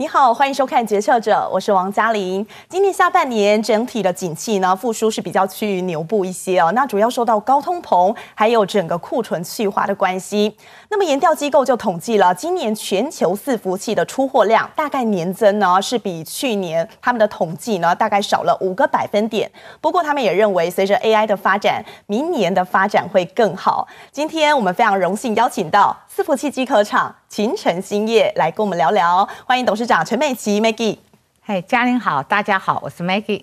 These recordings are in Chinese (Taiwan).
你好，歡迎收看《決策者》，我是王嘉琳。今年下半年整體的景氣呢，復甦是比較趨於牛步一些哦。那主要受到高通膨，還有整個庫存去化的關係。那麼研調機構就統計了，今年全球伺服器的出貨量，大概年增呢是比去年他們的統計呢，大概少了五個百分點。不過他們也認為，隨着 AI 的發展，明年的發展會更好。今天我們非常榮幸邀請到。伺服器機殼廠勤誠興業來跟我們聊聊，歡迎董事長陳美琪 Maggie。嗨，hey，嘉琳好，大家好，我是 Maggie。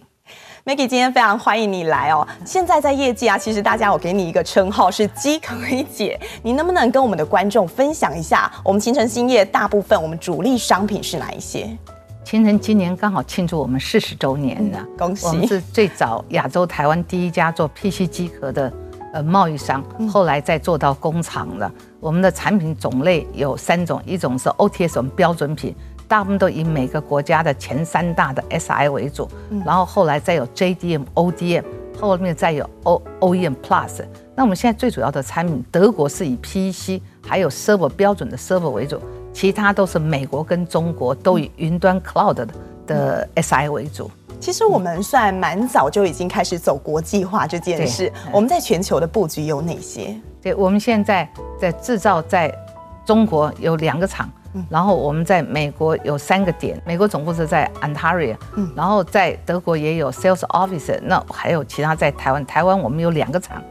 Maggie，今天非常歡迎你來哦。現在在業界啊，其實大家我給你一個稱號是機殼一姐，你能不能跟我們的觀眾分享一下，我們勤誠興業大部分我們主力商品是哪一些？勤誠今年剛好慶祝我們四十週年了，嗯、恭喜。是最早亞洲台灣第一家做 PC 機殼的呃貿易商，嗯、後來再做到工廠了。我們的產品種類有三種，一種是 O T S 我們標準品，大部分都以每個國家的前三大的 S I 為主，然後後來再有 J D M、O D M，後面再有 O O E M Plus。那我們現在最主要的產品，德國是以 P C 還有 Server 標準的 Server 為主，其他都是美國跟中國都以雲端 Cloud 的 S I 為主。其實我們算蠻早就已經開始走國際化這件事，對我們在全球的布局有哪些？我們現在在制造，在中國有兩個廠，然後我們在美國有三個點，美國總部是在 Ontario，然後在德國也有 sales officer，那還有其他在台灣，台灣我們有兩個廠，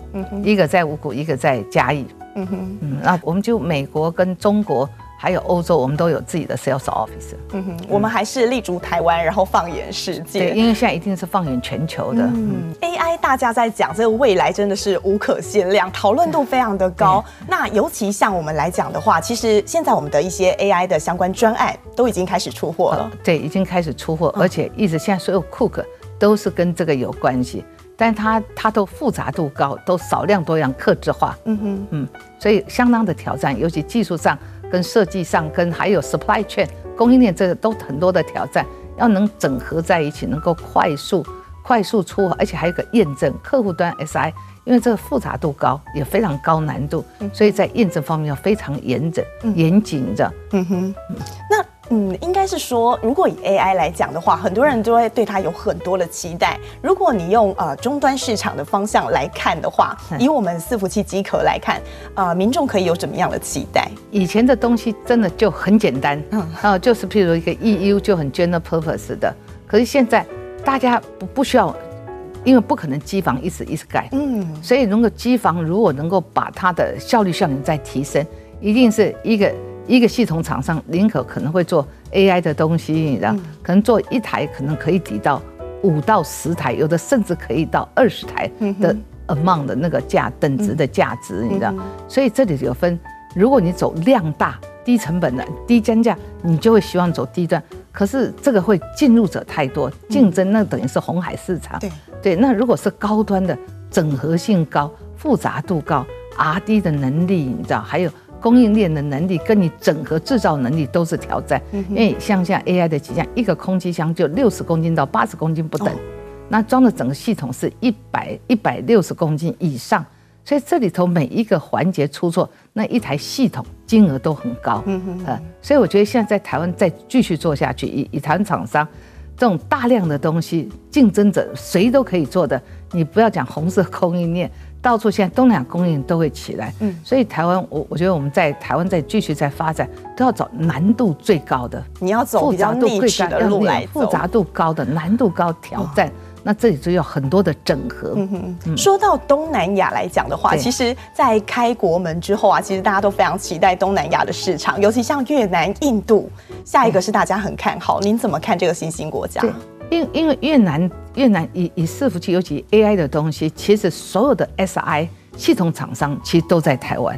一個在五股，一個在嘉義，嗯哼，那我們就美國跟中國。還有歐洲，我們都有自己的 sales office。嗯哼，我們還是立足台灣，然後放眼世界。對，因為現在一定是放眼全球的。嗯，AI 大家在講這個未來真的是無可限量，討論度非常的高。那尤其像我們來講的話，其實現在我們的一些 AI 的相關專案都已經開始出貨了。哦，對，已經開始出貨，而且一直現在所有 Cook 都是跟這個有關係。但它它都複雜度高，都少量多樣、客製化，嗯哼，嗯，所以相當的挑戰，尤其技術上、跟設計上、跟還有 supply chain 供應鏈，應這個都很多的挑戰，要能整合在一起，能夠快速快速出，而且還有個驗證，客戶端 SI，因為這個複雜度高，也非常高難度，所以在驗證方面要非常嚴整、嚴謹、嗯、的，嗯哼，那。嗯，應該是說，如果以 AI 來講的話，很多人都會對它有很多的期待。如果你用呃終端市場的方向來看的話，以我們伺服器機殼來看，呃，民眾可以有怎麼樣的期待？以前的東西真的就很簡單，然後、嗯啊、就是譬如一個 EU 就很 general purpose 的。可是現在大家不不需要，因為不可能機房一直一直蓋。嗯，所以如果機房如果能夠把它的效率效能再提升，一定是一個。一個系統廠商，寧可可能會做 AI 的東西，然後可能做一台，可能可以抵到五到十台，有的甚至可以到二十台的 amount 的那個價，等值的價值，你知道？所以這裡有分，如果你走量大、低成本的、低單價，你就會希望走低端。可是這個會進入者太多，競爭那等於是紅海市場。對對，那如果是高端的，整合性高、複雜度高、R&D 的能力，你知道？還有。供應鏈的能力跟你整合制造能力都是挑戰，因為像像 AI 的機箱，一個空機箱就六十公斤到八十公斤不等，那裝的整個系統是一百一百六十公斤以上，所以這裡頭每一個環節出錯，那一台系統金額都很高，呃，所以我覺得現在在台灣再繼續做下去，以以台灣廠商這種大量的東西，競爭者誰都可以做的，你不要講紅色供應鏈。到處現在東南亞供應都會起來，嗯，所以台灣，我我覺得我們在台灣再繼續在發展，都要找難度最高的，你要走比較逆市的路來，複雜度高的、難度高、挑戰，嗯、那這裡就要很多的整合。嗯哼，說到東南亞來講的話，對其實，在開國門之後啊，其實大家都非常期待東南亞的市場，尤其像越南、印度，下一個是大家很看好，您、嗯、怎麼看這個新興國家？對，因因為越南。越南以以伺服器，尤其 AI 的東西，其實所有的 SI 系統廠商其實都在台灣，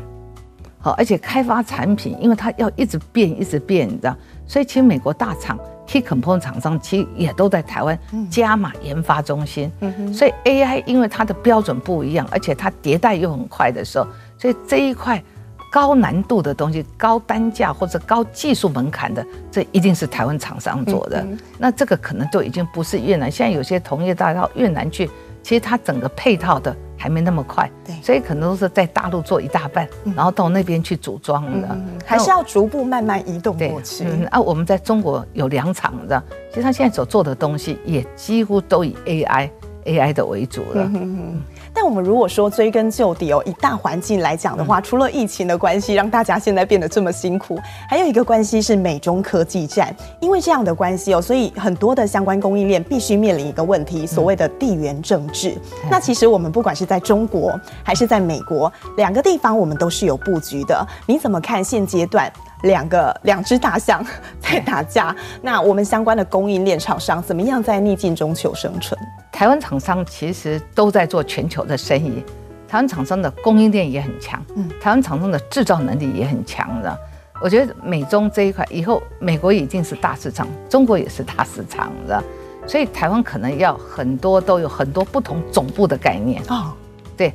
好，而且開發產品，因為它要一直變，一直變，你知道，所以其實美國大廠，Hicompon 廠商其實也都在台灣加碼研發中心，所以 AI 因為它的標準不一樣，而且它迭代又很快的時候，所以這一塊，高難度的東西、高單價或者高技術門檻的，這一定是台灣廠商做的。那這個可能就已經不是越南。現在有些同業大到越南去，其實它整個配套的還沒那麼快，所以可能都是在大陸做一大半，然後到那邊去組裝的，還是要逐步慢慢移動過去。啊，我們在中國有兩廠，知道？其實他現在所做的東西也幾乎都以 AI、AI 的為主了。那我們如果說追根究底哦，以大環境來講的話，除了疫情的關係，讓大家現在變得這麼辛苦，還有一個關係是美中科技戰。因為這樣的關係哦，所以很多的相關供應鏈必須面臨一個問題，所謂的地緣政治。嗯、那其實我們不管是在中國還是在美國，兩個地方我們都是有布局的。你怎麼看現階段兩個兩隻大象在打架？嗯、那我們相關的供應鏈廠商怎麼樣在逆境中求生存？台灣廠商其實都在做全球的生意，台灣廠商的供應鏈也很強，嗯，台灣廠商的製造能力也很強的。我覺得美中這一塊，以後美國已經是大市場，中國也是大市場，所以台灣可能要很多都有很多不同總部的概念啊，對，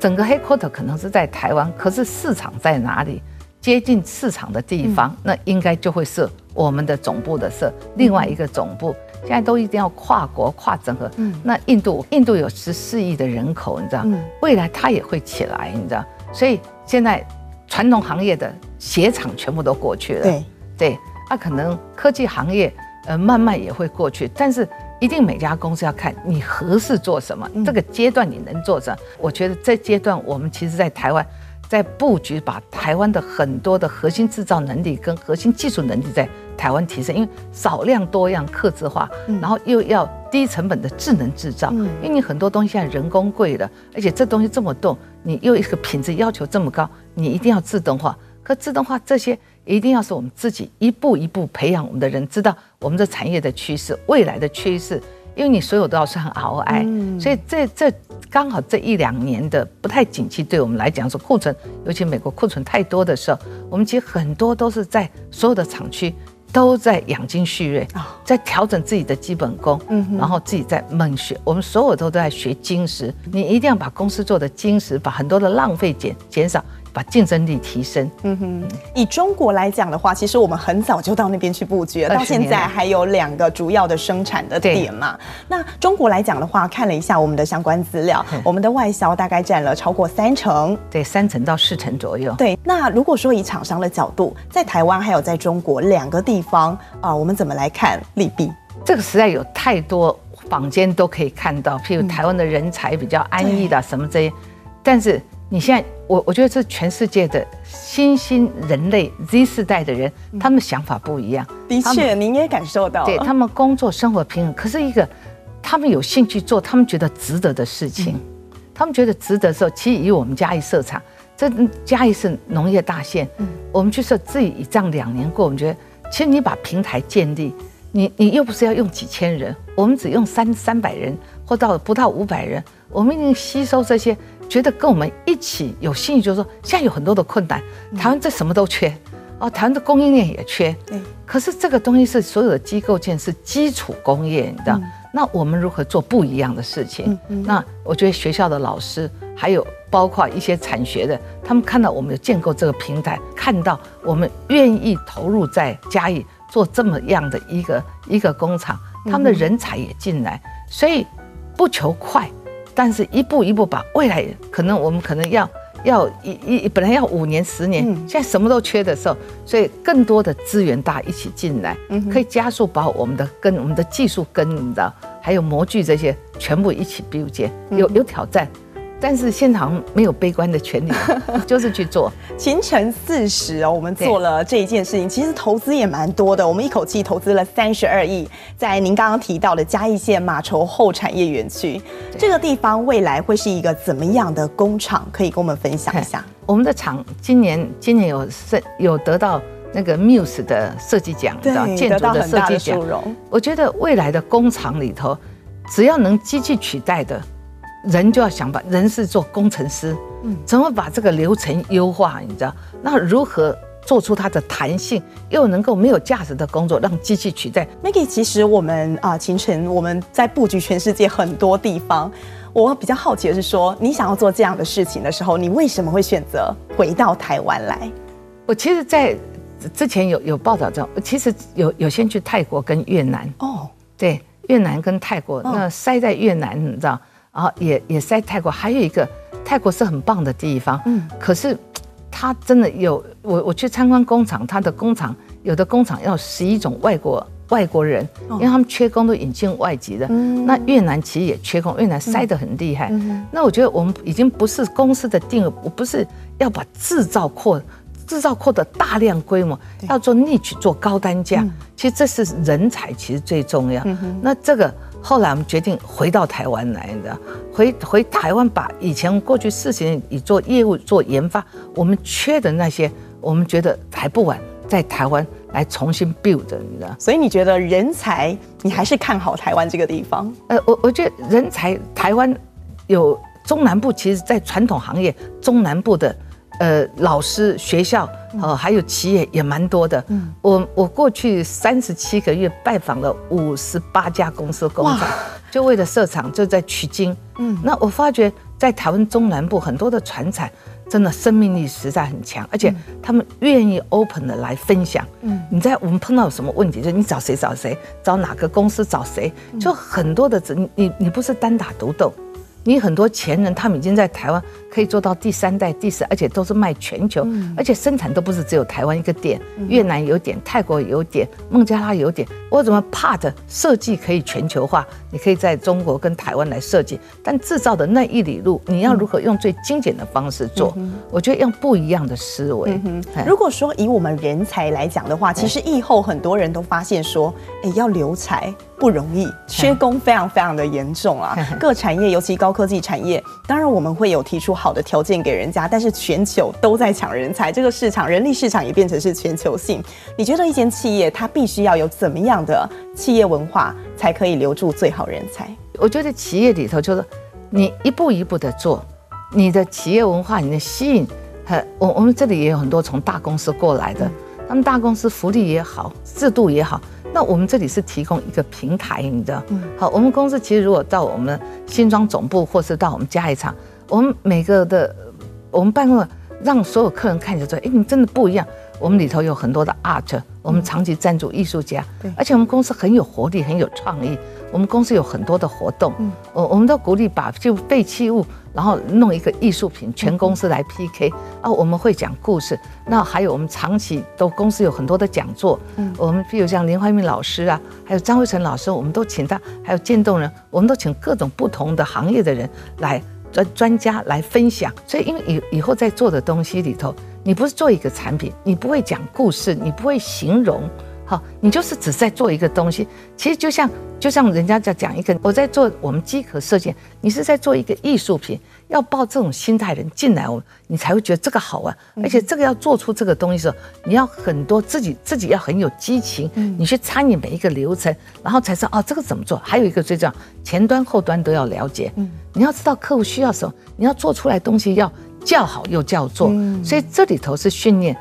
整個 headquarters 可能是在台灣，可是市場在哪裡？接近市場的地方，那應該就會設。我們的總部的是另外一個總部，現在都一定要跨國跨整合。嗯，那印度印度有十四億的人口，你知道，未來它也會起來，你知道，所以現在傳統行業的鞋廠全部都過去了。對對，那可能科技行業呃慢慢也會過去，但是一定每家公司要看你合適做什麼，這個階段你能做什麼？我覺得這階段我們其實在台灣在布局，把台灣的很多的核心製造能力跟核心技術能力在台灣提升，因為少量多樣、客製化，然後又要低成本的智能製造。因為你很多東西現在人工貴了，而且這東西這麼多，你又一個品質要求這麼高，你一定要自動化。可自動化這些，一定要是我們自己一步一步培養我們的人，知道我們的產業的趨勢、未來的趨勢。因為你所有都要是很 ROI，所以這這剛好這一兩年的不太景氣，對我們來講是庫存，尤其美國庫存太多的時候，我們其實很多都是在所有的廠區，都在養精蓄銳啊，在調整自己的基本功，嗯，然後自己在猛學。我們所有都都在學精實，你一定要把公司做的精實，把很多的浪費減減少。把競爭力提升。嗯哼，以中國來講的話，其實我們很早就到那邊去布局了，了到現在還有兩個主要的生產的點嘛。對那中國來講的話，看了一下我們的相關資料，對我們的外銷大概占了超過三成，對，三成到四成左右。對，那如果說以廠商的角度，在台灣還有在中國兩個地方啊、呃，我們怎麼來看利弊？這個實在有太多坊間都可以看到，譬如台灣的人才比較安逸的、啊、對什麼這些，但是。你現在，我我覺得這全世界的新興人類 Z 世代的人，他們想法不一樣。的確，您也感受到，對他們工作生活平衡，可是一個他們有興趣做，他們覺得值得的事情，他們覺得值得的時候，其實以我們嘉義設廠，這嘉義是農業大縣，我們就說自己一仗兩年過，我們覺得其實你把平台建立，你你又不是要用幾千人，我們只用三三百人或到不到五百人，我們已經吸收這些。覺得跟我們一起有興趣，就是說現在有很多的困難，台灣這什麼都缺，哦，台灣的供應鏈也缺，可是這個東西是所有的機構件，是基礎工業，你知道？那我們如何做不一樣的事情？那我覺得學校的老師，還有包括一些產學的，他們看到我們建構這個平台，看到我們願意投入在嘉義做這麼樣的一個一個工廠，他們的人才也進來，所以不求快。但是一步一步把未來，可能我們可能要要一一本來要五年十年，現在什麼都缺的時候，所以更多的資源大家一起進來，可以加速把我們的跟我們的技術跟你的還有模具這些全部一起並肩，有有挑戰。但是現場沒有悲觀的權利，就是去做。 勤誠四十哦，我們做了這一件事情，其實投資也蠻多的，我們一口氣投資了三十二億，在您剛剛提到的嘉義縣馬稠後產業園區這個地方，未來會是一個怎麼樣的工廠？可以跟我們分享一下。我們的廠今年今年有設有得到那個 Muse 的設計獎，對，建築的設計獎，對，得到很大的殊榮。我覺得未來的工廠裡頭，只要能機器取代的。人就要想把人是做工程師，嗯，怎麼把這個流程優化？你知道，那如何做出它的彈性，又能夠沒有價值的工作，讓機器取代？Maggie，其實我們啊、呃，勤誠，我們在布局全世界很多地方。我比較好奇的是說，說你想要做這樣的事情的時候，你為什麼會選擇回到台灣來？我其實，在之前有有報道這樣，其實有有先去泰國跟越南哦，oh. 對，越南跟泰國，那塞在越南，你知道？Oh. 啊，也也塞泰國，還有一個泰國是很棒的地方。嗯，可是他真的有我我去參觀工廠，他的工廠有的工廠要十一種外國外國人，因為他們缺工都引進外籍的。那越南其實也缺工，越南塞得很厲害。那我覺得我們已經不是公司的定位，我不是要把製造擴，製造擴的大量規模，要做 niche 去做高單價，其實這是人才其實最重要。那這個。後來我們決定回到台灣來的，回回台灣把以前過去四十年以做業務做研發，我們缺的那些，我們覺得還不晚，在台灣來重新 build，你知道？所以你覺得人才，你還是看好台灣這個地方？呃，我我覺得人才台灣有中南部，其實在傳統行業中南部的。呃，老師、學校，呃，還有企業也蠻多的。嗯，我我過去三十七個月拜訪了五十八家公司工廠，就為了設廠就在取經。嗯，那我發覺在台灣中南部很多的傳產，真的生命力實在很強，而且他們願意 open 的來分享。嗯，你在我們碰到有什麼問題，就是你找誰找誰，找哪個公司找誰，就很多的，你你你不是單打獨鬥。你很多前人，他們已經在台灣可以做到第三代、第四，而且都是賣全球，而且生產都不是只有台灣一個點，越南有點，泰國有點，孟加拉有點。我怎麼怕的？設計可以全球化，你可以在中國跟台灣來設計，但制造的那一里路，你要如何用最精簡的方式做？我覺得用不一樣的思維。嗯、如果說以我們人才來講的話，其實以後很多人都發現說，哎，要留才。不容易，缺工非常非常的嚴重啊！各產業，尤其高科技產業，當然我們會有提出好的條件給人家，但是全球都在搶人才，這個市場人力市場也變成是全球性。你覺得一間企業它必須要有怎麼樣的企業文化才可以留住最好人才？我覺得企業裡頭就是你一步一步的做，你的企業文化，你的吸引和我，我們這裡也有很多從大公司過來的，他們大公司福利也好，制度也好。那我們這裡是提供一個平台，你知道？好，我們公司其實如果到我們新莊總部，或是到我們嘉義廠我們每個的我們辦公室讓所有客人看起來說，哎，你真的不一樣。我們裡頭有很多的 art，我們長期贊助藝術家，對，而且我們公司很有活力，很有創意。我們公司有很多的活動，我我們都鼓勵把就廢棄物。然後弄一個藝術品，全公司來 PK 啊！我們會講故事，那還有我們長期都公司有很多的講座，我們比如像林懷民老師啊，還有張惠成老師，我們都請他，還有漸凍人，我們都請各種不同的行業的人來專專家來分享。所以，因為以以後在做的東西裡頭，你不是做一個產品，你不會講故事，你不會形容。好，你就是只是在做一個東西，其實就像就像人家在講一個，我在做我們機殼設計，你是在做一個藝術品，要抱這種心態人進來，哦，你才會覺得這個好玩。而且這個要做出這個東西的時候，你要很多自己自己要很有激情，你去參與每一個流程，然後才知道哦，這個怎麼做。還有一個最重要，前端後端都要了解，你要知道客戶需要什麼，你要做出來東西要叫好又叫座，所以這裡頭是訓練。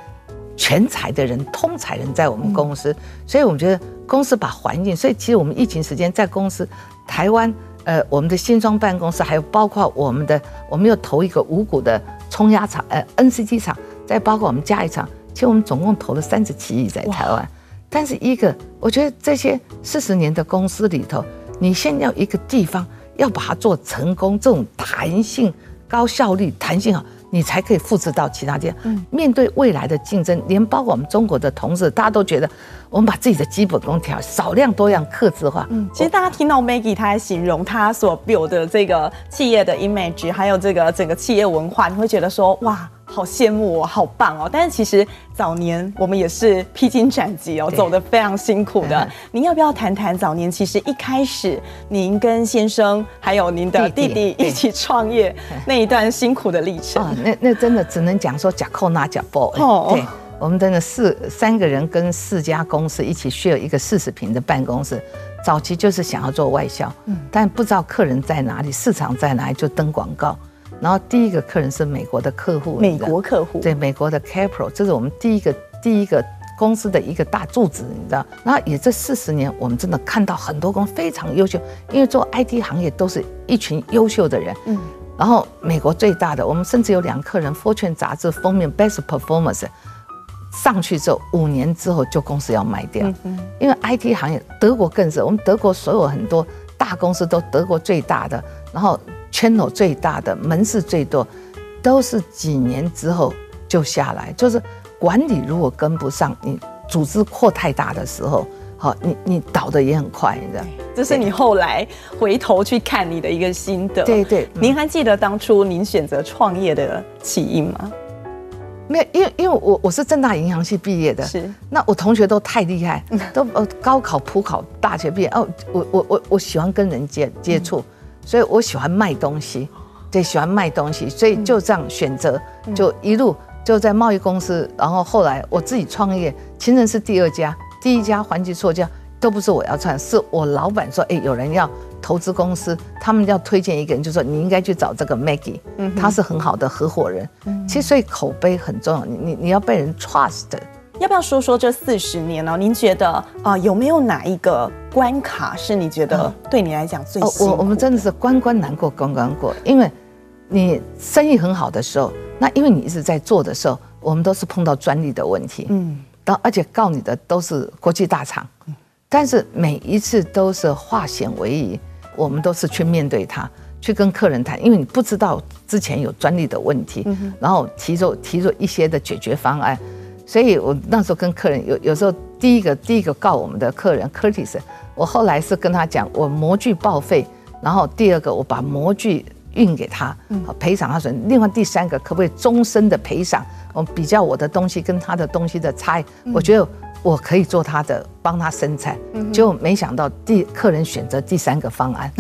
全才的人，通才人在我們公司，所以我們覺得公司把環境，所以其實我們疫情時間在公司，台灣，呃，我們的新莊辦公室，還有包括我們的，我們又投一個五股的沖壓廠，呃，NC 機廠，再包括我們嘉義廠，其實我們總共投了三十七億在台灣，但是一個，我覺得這些四十年的公司裡頭，你先要一個地方要把它做成功，這種彈性、高效率、彈性好。你才可以複製到其他地方，面對未來的競爭，連包括我們中國的同事，大家都覺得我們把自己的基本功調少量多樣、客製化。嗯，其實大家聽到 Maggie 她在形容她所 build 的這個企業的 image，還有這個整個企業文化，你會覺得說，哇。好羨慕哦、喔，好棒哦、喔！但是其實早年我們也是披荊斬棘哦，走得非常辛苦的。對嗯、您要不要談談早年？其實一開始，您跟先生還有您的弟弟一起創業那一段辛苦的歷程、嗯、那那真的只能講說假扣拿假包哦。對，我們真的四三個人跟四家公司一起需要一個四十坪的辦公室。早期就是想要做外銷，但不知道客人在哪裡，市場在哪裡，就登廣告。然後第一個客人是美國的客戶，美國客戶對美國的 Capro，這是我們第一個第一個公司的一個大柱子，你知道。然後也這四十年，我們真的看到很多公司非常優秀，因為做 IT 行業都是一群優秀的人。嗯、然後美國最大的，我們甚至有兩客人《Fortune、嗯》雜誌封面 Best Performance 上去之後，五年之後就公司要賣掉，嗯嗯，因為 IT 行業德國更是，我們德國所有很多大公司都德國最大的，然後。全球最大的門市最多，都是幾年之後就下來，就是管理如果跟不上，你組織擴太大的時候，好，你你倒的也很快，你知道。這是你後來回頭去看你的一個心得。對，對對。您、嗯、還記得當初您選擇創業的起因嗎？沒有，因為因為我我是政大銀行系畢業的，是。那我同學都太厲害，都高考普考大學畢業哦。我我我我，我喜歡跟人接接觸。嗯所以，我喜歡賣東西，對，喜歡賣東西，所以就這樣選擇，就一路就在貿易公司，然後後來我自己創業，其實是第二家，第一家環球塑膠都不是我要創，是我老闆說，誒，有人要投資公司，他們要推薦一個人，就說你應該去找這個 Maggie，嗯，他是很好的合夥人，其實所以口碑很重要，你你你要被人 trust 的。要不要說說這四十年呢？您覺得啊、呃，有沒有哪一個關卡是你覺得對你來講最辛苦的？嗯。我我們真的是關關難過關關過，因為你生意很好的時候，那因為你一直在做的時候，我們都是碰到專利的問題，嗯，而且告你的都是國際大廠，但是每一次都是化險為夷，我們都是去面對它，去跟客人談，因為你不知道之前有專利的問題，然後提出提出一些的解決方案。所以，我那時候跟客人有有時候，第一個第一個告我們的客人，Curtis，我後來是跟他講，我模具報廢，然後第二個我把模具運給他，賠償他損失。另外第三個，可不可以終身的賠償？我比較我的東西跟他的東西的差異，我覺得我可以做他的，幫他生產。結果沒想到第客人選擇第三個方案，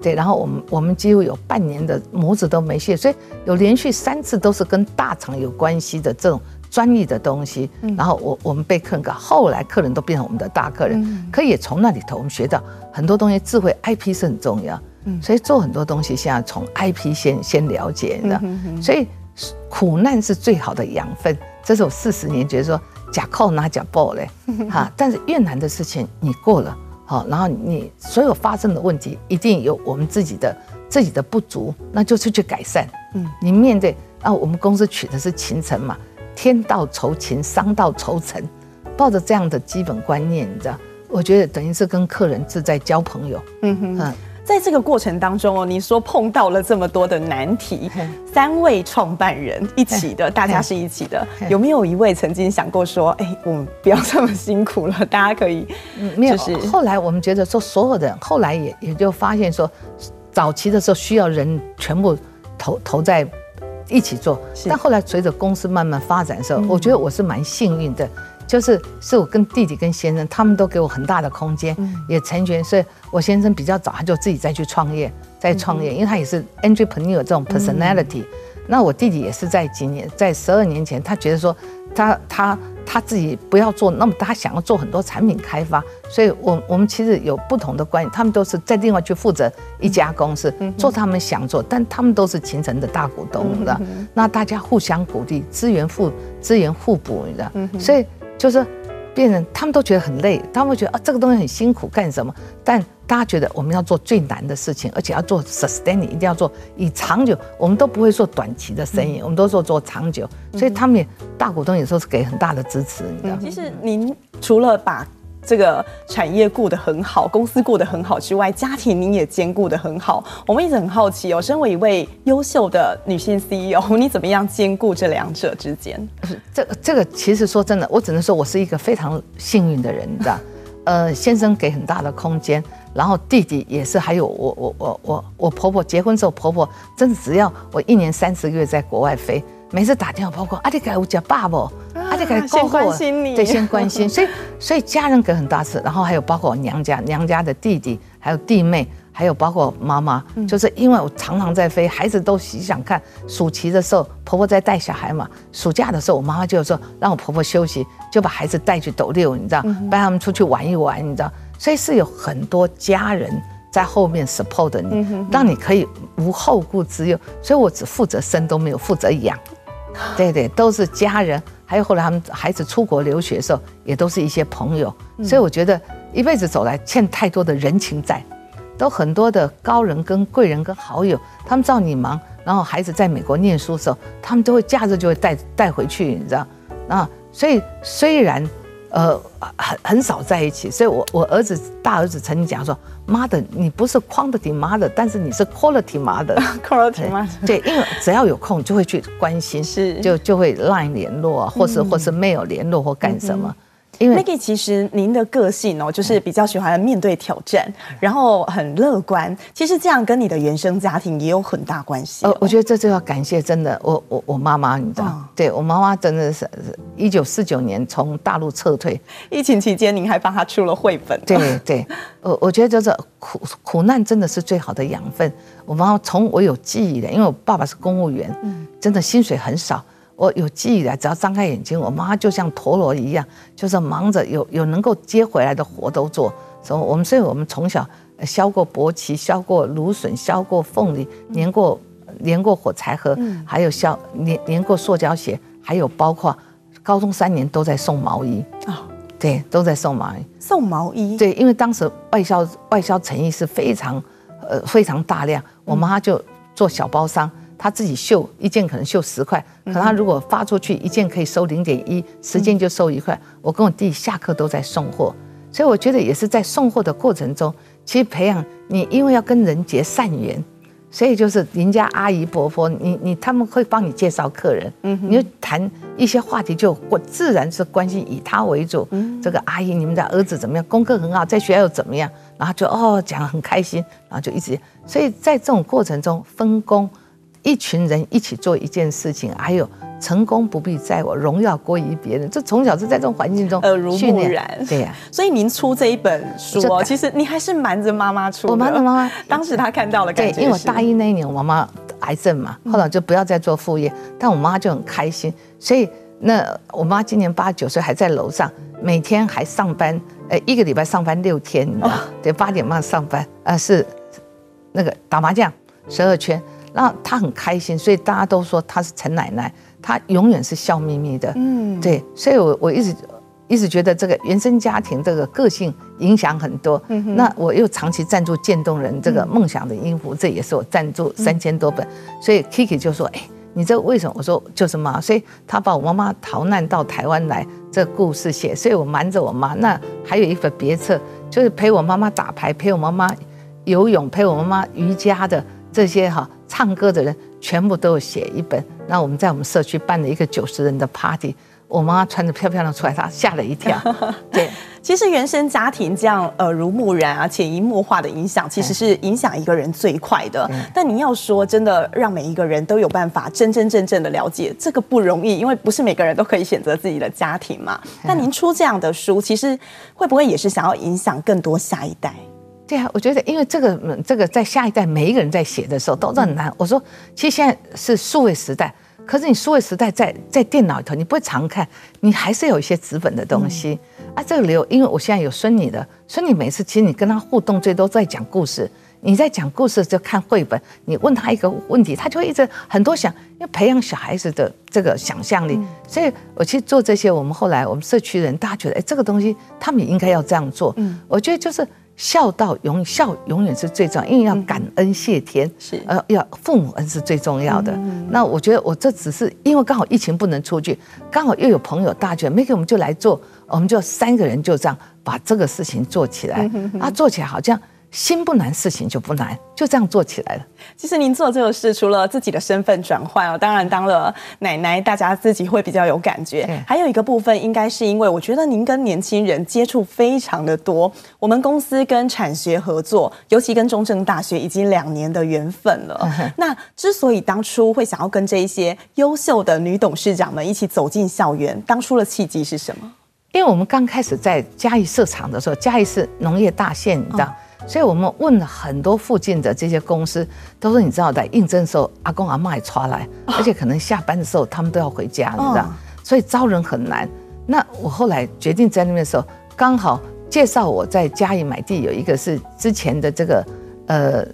對。然後我們我們幾乎有半年的模子都沒卸，所以有連續三次都是跟大廠有關係的這種。專利的東西，然後我我們被客人搞，後來客人都變成我們的大客人，可以從那裡頭我們學到很多東西。智慧 IP 是很重要，所以做很多東西，現在從 IP 先先了解的。所以苦難是最好的養分，這是我四十年覺得說呷苦拿呷補嘞哈。但是越難的事情你過了好，然後你所有發生的問題一定有我們自己的自己的不足，那就出去改善。嗯，你面對啊，我們公司取的是勤誠嘛。天道酬勤，商道酬誠，抱着這樣的基本觀念，你知道？我覺得等於是跟客人是在交朋友。嗯哼，嗯，在這個過程當中哦，你說碰到了這麼多的難題，嘿嘿三位創辦人一起的，嘿嘿大家是一起的，嘿嘿有沒有一位曾經想過說，哎、欸，我們不要這麼辛苦了，大家可以、嗯、沒有？就是、後來我們覺得說，所有人後來也也就發現說，早期的時候需要人全部投投在。一起做，但後來隨着公司慢慢發展的時候，我覺得我是蠻幸運的，就是是我跟弟弟跟先生他們都給我很大的空間，也成全。所以我先生比較早，他就自己再去創業，再創業，因為他也是 entrepreneur 這種 personality。那我弟弟也是在幾年，在十二年前，他覺得說。他他他自己不要做那麼，他想要做很多產品開發，所以，我我們其實有不同的觀點。他們都是在另外去負責一家公司，做他們想做，但他們都是勤誠的大股東，的那大家互相鼓勵，資源互資源互補，的所以就是。他們都覺得很累，他們會覺得啊，這個東西很辛苦幹什麼？但大家覺得我們要做最難的事情，而且要做 sustaining，一定要做以長久，我們都不會做短期的生意，我們都做做長久，所以他們也大股東也說是給很大的支持，你知道嗎？其實您除了把。這個產業顧得很好，公司顧得很好之外，家庭你也兼顧得很好。我們一直很好奇哦，身為一位優秀的女性 CEO，你怎麼樣兼顧這兩者之間？這個、這個其實說真的，我只能說我是一個非常幸運的人，你知道？呃，先生給很大的空間，然後弟弟也是，還有我我我我我婆婆結婚之後，婆婆真的只要我一年三十個月在國外飛，每次打電話，婆婆，阿迪卡，你給有叫爸爸。而且、啊、先關心你、啊，先關心你對，先關心，所以所以家人給很大支持，然後還有包括我娘家娘家的弟弟還有弟妹，還有包括我媽媽，就是因為我常常在飛，孩子都想想看，暑期的時候婆婆在帶小孩嘛，暑假的時候我媽媽就說讓我婆婆休息，就把孩子帶去逗遛，你知道，帶他們出去玩一玩，你知道，所以是有很多家人在後面 support 你，讓你可以無後顧之憂，所以我只負責生都沒有負責養，對對，都是家人。還有後來他們孩子出國留學的時候，也都是一些朋友，所以我覺得一輩子走來欠太多的人情債，都很多的高人跟貴人跟好友，他們知道你忙，然後孩子在美國念書的時候，他們都會假日就會帶帶回去，你知道？那所以雖然。呃，很很少在一起，所以，我我兒子大兒子曾經講說：“mother，你不是 quantity mother，但是你是 quality mother。”quality mother。對，因為只要有空就會去關心，是 就就會 LINE 聯絡，或是或是沒有聯絡或幹什麼。嗯嗯 Maggie，其實您的個性哦，就是比較喜歡面對挑戰，嗯、然後很樂觀。其實這樣跟你的原生家庭也有很大關係。呃，我覺得這就要感謝真的，我我我媽媽，你知道，哦、對我媽媽真的是一九四九年從大陸撤退。疫情期間，您還幫她出了繪本了。對對，我我覺得就是苦苦難真的是最好的養分。我媽媽從我有記憶的，因為我爸爸是公務員，真的薪水很少。嗯我有記憶以來，只要張開眼睛，我媽就像陀螺一樣，就是忙着有有能夠接回來的活都做。所以我們，所以我們從小削過荸薺、削過蘆筍，削過鳳梨，粘過粘過火柴盒，還有削粘粘過塑膠鞋，還有包括高中三年都在送毛衣啊，對，都在送毛衣。送毛衣。對，因為當時外銷外銷成衣是非常呃非常大量，我媽就做小包商。他自己繡一件可能繡十塊，可他如果發出去一件可以收零點一，十件就收一塊。我跟我弟下課都在送貨，所以我覺得也是在送貨的過程中，其實培養你，因為要跟人結善緣，所以就是人家阿姨伯伯，你你他們會幫你介紹客人，你就談一些話題就過自然是關心以他為主，這個阿姨你們的兒子怎麼樣，功課很好，在學校又怎麼樣，然後就哦講得很開心，然後就一直，所以在這種過程中分工。一群人一起做一件事情，還有成功不必在我，榮耀歸於別人。這從小是在這種環境中耳濡目染，對呀、啊。呃、所以您出這一本書，其實你還是瞞着媽媽出的。我瞞着媽媽，當時她看到了，對，因為我大一那一年，我媽媽癌症嘛，後來就不要再做副業，但我媽就很開心。所以那我媽今年八十九歲還在樓上，每天還上班，一個禮拜上班六天，對，八點半上班，是那個打麻將十二圈。那她很開心，所以大家都說她是陳奶奶，她永遠是笑眯眯的。嗯，對，所以我我一直一直覺得這個原生家庭這個個性影響很多。嗯哼。那我又長期贊助《漸凍人》這個夢想的音符，這也是我贊助三千多本。所以 Kiki 就說：“哎，你知道為什麼？我說就是媽，所以她把我媽媽逃難到台灣來這故事寫。所以我瞞着我媽。那還有一本別冊，就是陪我媽媽打牌、陪我媽媽游泳、陪我媽媽瑜伽的。”這些哈唱歌的人全部都有寫一本，那我們在我們社區辦了一個九十人的 party，我媽媽穿着漂漂亮亮的出來，她嚇了一跳。 對，其實原生家庭這樣耳濡目染啊、潛移默化的影響，其實是影響一個人最快的。唉但你要說真的讓每一個人都有辦法真真正正的了解，這個不容易，因為不是每個人都可以選擇自己的家庭嘛。那唉您出這樣的書，其實會不會也是想要影響更多下一代？對啊，我覺得因為這個這個在下一代每一個人在寫的時候都很難。我說，其實現在是數位時代，可是你數位時代在在電腦裡頭，你不會常看，你還是有一些紙本的東西、嗯、啊。這個理由，因為我現在有孫女的，孫女每次其實你跟她互動最多在講故事，你在講故事就看繪本，你問她一個問題，她就一直很多想，因為培養小孩子的這個想象力。嗯、所以，我去做這些，我們後來我們社區人大家覺得，哎，這個東西他們也應該要這樣做。嗯，我覺得就是。孝道永孝，永遠是最重要，因為要感恩謝天，是呃要父母恩是最重要的。那我覺得我這只是因為剛好疫情不能出去，剛好又有朋友大卷沒給我們就來做，我們就三個人就這樣把這個事情做起來啊，做起來好像。心不難，事情就不難，就這樣做起來了。其實您做這個事，除了自己的身份轉換哦，當然當了奶奶，大家自己會比較有感覺。對還有一個部分，應該是因為我覺得您跟年輕人接觸非常的多。我們公司跟產學合作，尤其跟中正大學已經兩年的緣分了。呵呵那之所以當初會想要跟這一些優秀的女董事長們一起走進校園，當初的契機是什麼？因為我們剛開始在嘉義設廠的時候，嘉義是農業大縣，你知道。哦所以我們問了很多附近的這些公司，都說你知道，在應徵的時候，阿公阿媽也出來，而且可能下班的時候，他們都要回家，你知道，所以招人很難。那我後來決定在那邊的時候，剛好介紹我在嘉義買地，有一個是之前的這個，呃，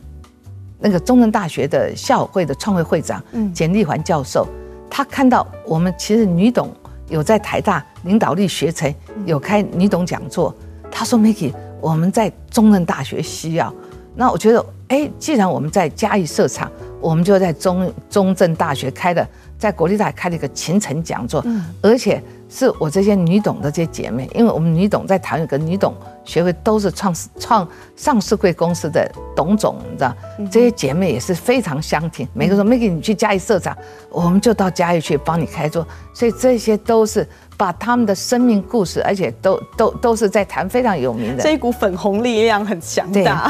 那個中正大學的校會的創會會長簡立環教授，他看到我們其實女董有在台大領導力學程有開女董講座，他說 Maggie 我們在中正大學西藥，那我覺得，哎、欸，既然我們在嘉義設廠，我們就在中中正大學開的。在國立大開了一個勤誠講座，而且是我這些女董的這些姐妹，因為我們女董在台灣有個女董學會，都是創創上市櫃公司的董總，你知道？這些姐妹也是非常相挺，每個說 Meggy 你去嘉義設廠，我們就到嘉義去幫你開桌，所以這些都是把他們的生命故事，而且都都都是在談非常有名的。這股粉紅力量很強大，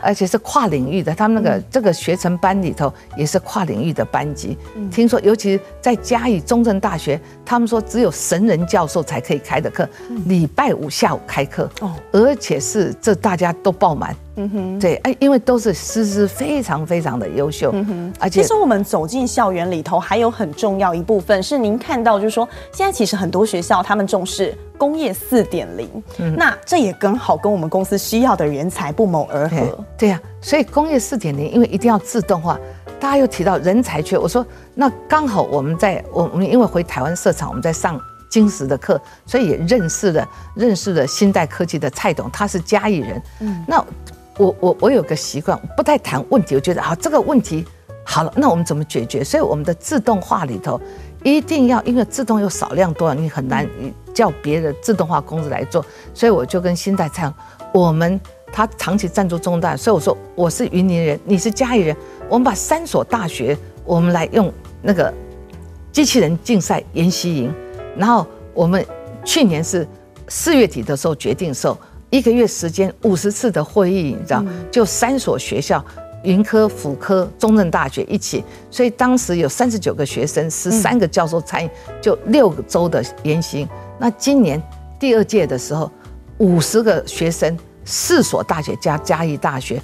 而且是跨領域的。他們那個這個學成班裡頭也是跨領域的班級，聽說。尤其是在嘉義中正大學，他們說只有神人教授才可以開的課，禮拜五下午開課，哦，而且是這大家都爆滿，嗯哼，對，哎，因為都是師資非常非常的優秀，嗯哼，而且其實我們走進校園裡頭，還有很重要一部分是您看到，就是說現在其實很多學校他們重視。工業四點零，那這也剛好跟我們公司需要的人才不謀而合。對呀，啊，所以工業四點零，因為一定要自動化，大家又提到人才缺，我說那剛好我們在我們因為回台灣設廠，我們在上金石的課，所以也認識了認識了新代科技的蔡董，他是嘉義人。嗯，那我我我有個習慣，不太談問題，我覺得啊這個問題好了，那我們怎麼解決？所以我們的自動化裡頭一定要，因為自動又少量多了，你很難。叫別的自動化公司來做，所以我就跟新代講我們他長期贊助中大，所以我說我是雲林人，你是嘉義人，我們把三所大學，我們來用那個機器人競賽研習營，然後我們去年是四月底的時候決定的時候，一個月時間五十次的會議，你知道，就三所學校，雲科、福科、中正大學一起，所以當時有三十九個學生，十三個教授參與，就六個週的研習營。那今年第二屆的時候，五十個學生，四所大學加嘉義大學，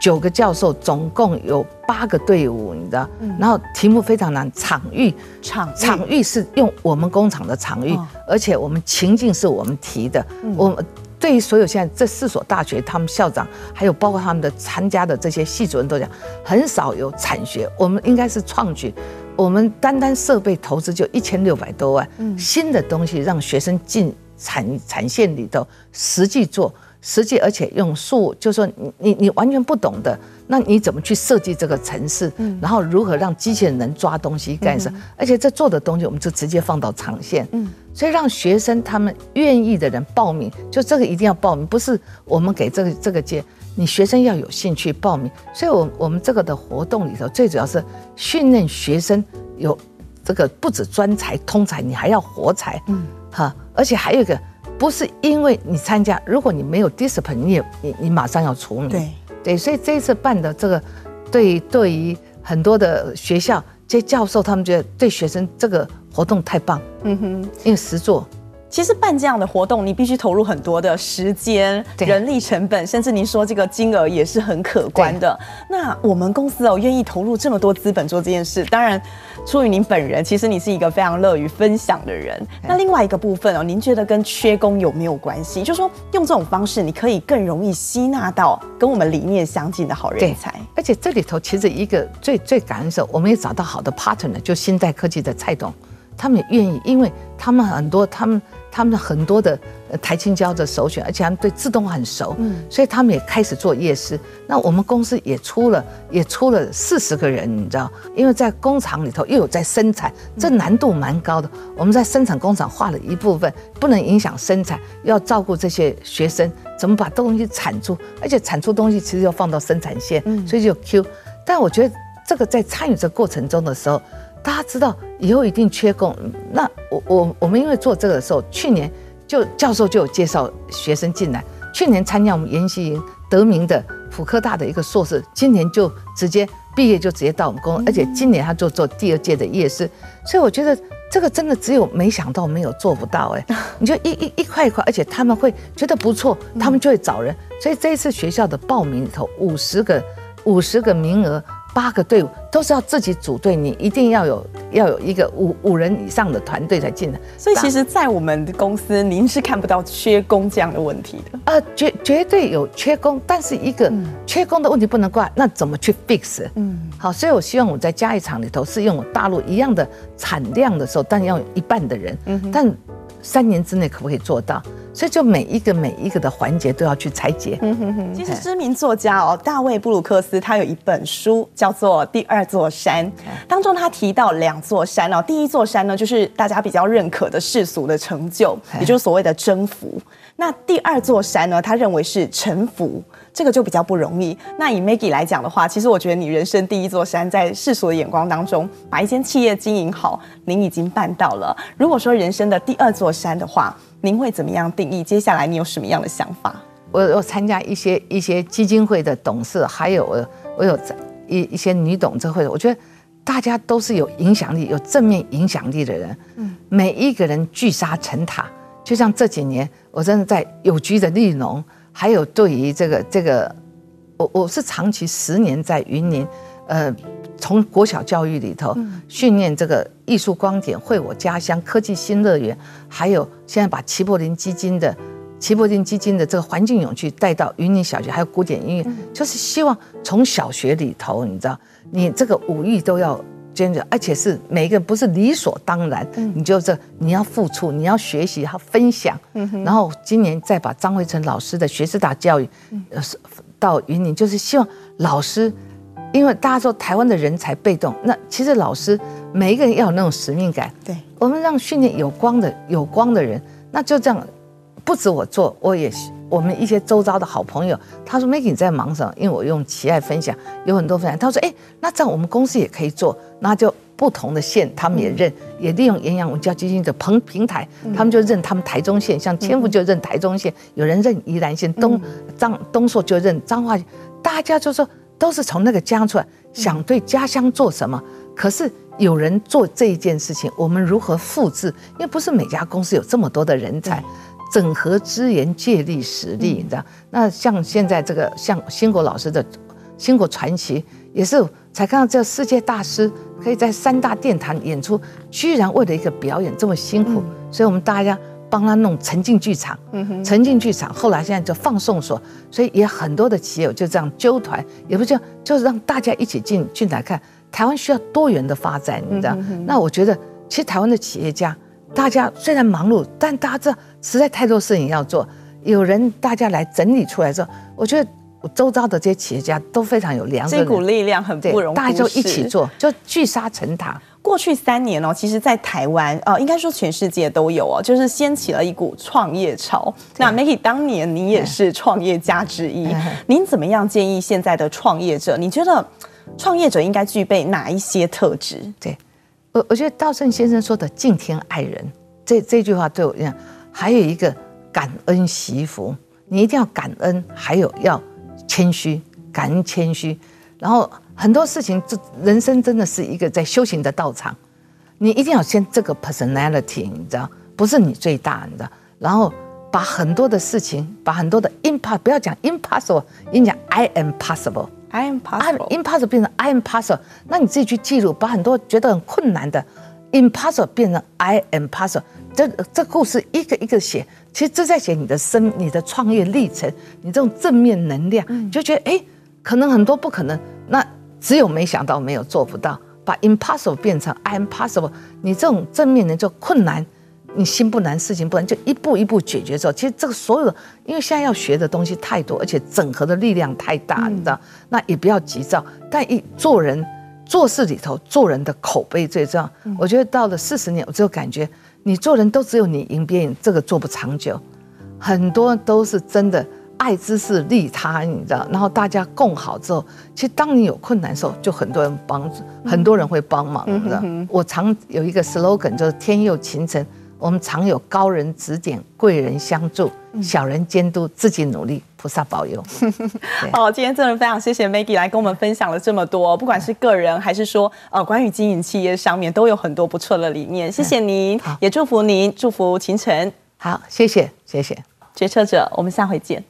九個教授，總共有八個隊伍，你知道？然後題目非常難，場域場場域是用我們工廠的場域，而且我們情境是我們提的。我們對於所有現在這四所大學，他們校長還有包括他們的參加的這些系主任都講，很少有產學，我們應該是創舉。我們單單設備投資就一千六百多萬。新的東西讓學生進產產線裡頭實際做，實際而且用數，就是說你你你完全不懂的，那你怎麼去設計這個程式，然後如何讓機器人能抓東西幹什麼？而且這做的東西，我們就直接放到長線。所以讓學生他們願意的人報名，就這個一定要報名，不是我們給這個這個件。你學生要有興趣報名，所以我我們這個的活動裡頭最主要是訓練學生有這個不止專才通才，你還要活才，嗯，哈，而且還有一個不是因為你參加，如果你沒有 discipline，你也你你馬上要除名。對，對，對，所以這次辦的這個對於對於很多的學校，這些教授他們覺得對學生這個活動太棒，嗯哼，因為實作。其實辦這樣的活動，你必須投入很多的時間、對人力成本，甚至您說這個金額也是很可觀的。對那我們公司哦願意投入這麼多資本做這件事，當然出於您本人，其實你是一個非常樂於分享的人。對那另外一個部分哦，您覺得跟缺工有沒有關係？就是說用這種方式，你可以更容易吸納到跟我們理念相近的好人才。而且這裡頭其實一個最最感受，我們也找到好的 partner 了，就新代科技的蔡董，他們也願意，因為他們很多他們。他們的很多的台清交的首選，而且他們對自動很熟，所以他們也開始做夜市。那我們公司也出了，也出了四十個人，你知道，因為在工廠裡頭又有在生產，這難度蠻高的。我們在生產工廠畫了一部分，不能影響生產，要照顧這些學生怎麼把東西產出，而且產出東西其實要放到生產線，所以就 Q。但我覺得這個在參與這個過程中的時候。大家知道以後一定缺工，那我我我們因為做這個的時候，去年就教授就有介紹學生進來。去年參加我們研習營得名的普科大的一個碩士，今年就直接畢業就直接到我們公司，而且今年他就做第二屆的夜市。所以我覺得這個真的只有沒想到沒有做不到哎，你就一一一塊一塊，而且他們會覺得不錯，他們就會找人，所以這一次學校的報名裡頭五十個五十個名額。八個隊伍都是要自己組隊，你一定要有要有一個五五人以上的團隊才進來。所以其實，在我們的公司，您是看不到缺工這樣的問題的。啊、呃，絕絕對有缺工，但是一個缺工的問題不能怪，那怎麼去 fix？嗯，好，所以我希望我在嘉義廠裡頭是用我大陸一樣的產量的時候，但要有一半的人，但三年之內可不可以做到？所以，就每一個每一個的環節都要去拆解。其實，知名作家哦，大衛布魯克斯他有一本書叫做《第二座山》，當中他提到兩座山哦，第一座山呢，就是大家比較認可的世俗的成就，也就是所謂的征服；那第二座山呢，他認為是臣服。這個就比較不容易。那以 Maggie 來講的話，其實我覺得你人生第一座山，在世俗的眼光當中，把一間企業經營好，您已經辦到了。如果說人生的第二座山的話，您會怎麼樣定義？接下來你有什麼樣的想法？我有參加一些一些基金會的董事，還有我有在一一些女董事會，我覺得大家都是有影響力、有正面影響力的人。嗯，每一個人聚沙成塔，就像這幾年我真的在有居的麗農。還有對於這個這個，我我是長期十年在雲林呃，從國小教育裡頭訓練這個藝術光點繪我家鄉科技新樂園，還有現在把齊柏林基金的齊柏林基金的這個環境勇氣帶到雲林小學，還有古典音樂，就是希望從小學裡頭，你知道你這個五育都要。而且是每一個不是理所當然，嗯嗯、你就這你要付出，你要學習和分享，然後今年再把張輝誠老師的學思達教育，到雲林，就是希望老師，因為大家說台灣的人才被動，那其實老師每一個人要有那種使命感。對，我們讓訓練有光的有光的人，那就這樣，不止我做，我也。我們一些周遭的好朋友，他說：“Maggie 你在忙什麼？”因為我用奇愛分享，有很多分享。他說：“哎、欸，那在我們公司也可以做，那就不同的縣，他們也認，嗯、也利用炎陽文教基金的平平臺，嗯、他們就認他們台中縣，像千府就認台中縣，嗯、有人認宜蘭縣，東張東碩就認彰化縣，大家就說都是從那個家出來，想對家鄉做什麼。嗯、可是有人做這一件事情，我們如何複製？因為不是每家公司有這麼多的人才。嗯”整合資源，借力使力，你知道？那像現在這個像興國老師的《興國傳奇》，也是才看到這個世界大師可以在三大殿堂演出，居然為了一個表演這麼辛苦，所以我們大家幫他弄沉浸劇場，沉浸劇場，後來現在就放送所，所以也很多的企業就這樣揪團，也不叫，就是讓大家一起進進來看。台灣需要多元的發展，你知道？那我覺得，其實台灣的企業家。大家雖然忙碌，但大家這實在太多事情要做。有人大家來整理出來之後，我覺得我周遭的這些企業家都非常有良心。這一股力量很不容易，大家就一起做，就聚沙成塔。過去三年哦，其實在台灣哦，應該說全世界都有哦，就是掀起了一股創業潮。對那 Maggie 當年你也是創業家之一，對您怎麼樣建議現在的創業者？你覺得創業者應該具備哪一些特質？對。我覺得稻盛先生說的“敬天愛人”這這句話對我來講，還有一個感恩惜福，你一定要感恩，還有要謙虛，感恩謙虛。然後很多事情，這人生真的是一個在修行的道場，你一定要先這個 personality，你知道，不是你最大，你知道。然後把很多的事情，把很多的 impossible，不要講 impossible，應講 I am possible。I'm impossible, impossible 變成 I'm possible，那你自己去記錄，把很多覺得很困難的 impossible 變成 I'm possible，這這故事一個一個寫，其實這在寫你的生、你的創業歷程，你這種正面能量，你就覺得誒、欸，可能很多不可能，那只有沒想到沒有做不到，把 impossible 變成 I'm possible，你這種正面能做困難。你心不難，事情不難，就一步一步解決之後，其實這個所有的，因為現在要學的東西太多，而且整合的力量太大，嗯、你知道？那也不要急躁。但一做人做事裡頭，做人的口碑最重要。嗯、我覺得到了四十年，我就感覺，你做人都只有你贏別人，這個做不長久。很多都是真的愛知識、利他，你知道？然後大家共好之後，其實當你有困難的時候，就很多人幫助，很多人會幫忙，嗯、你知道？嗯嗯嗯嗯、我常有一個 slogan，就是“天佑勤誠”。我們常有高人指點，貴人相助，小人監督，自己努力，菩薩保佑。今天真的非常謝謝 Maggie 來跟我們分享了這麼多，不管是個人還是說呃關於經營企業上面都有很多不錯的理念。謝謝您，嗯、也祝福您，祝福勤誠。好，謝謝，謝謝。決策者，我們下回見。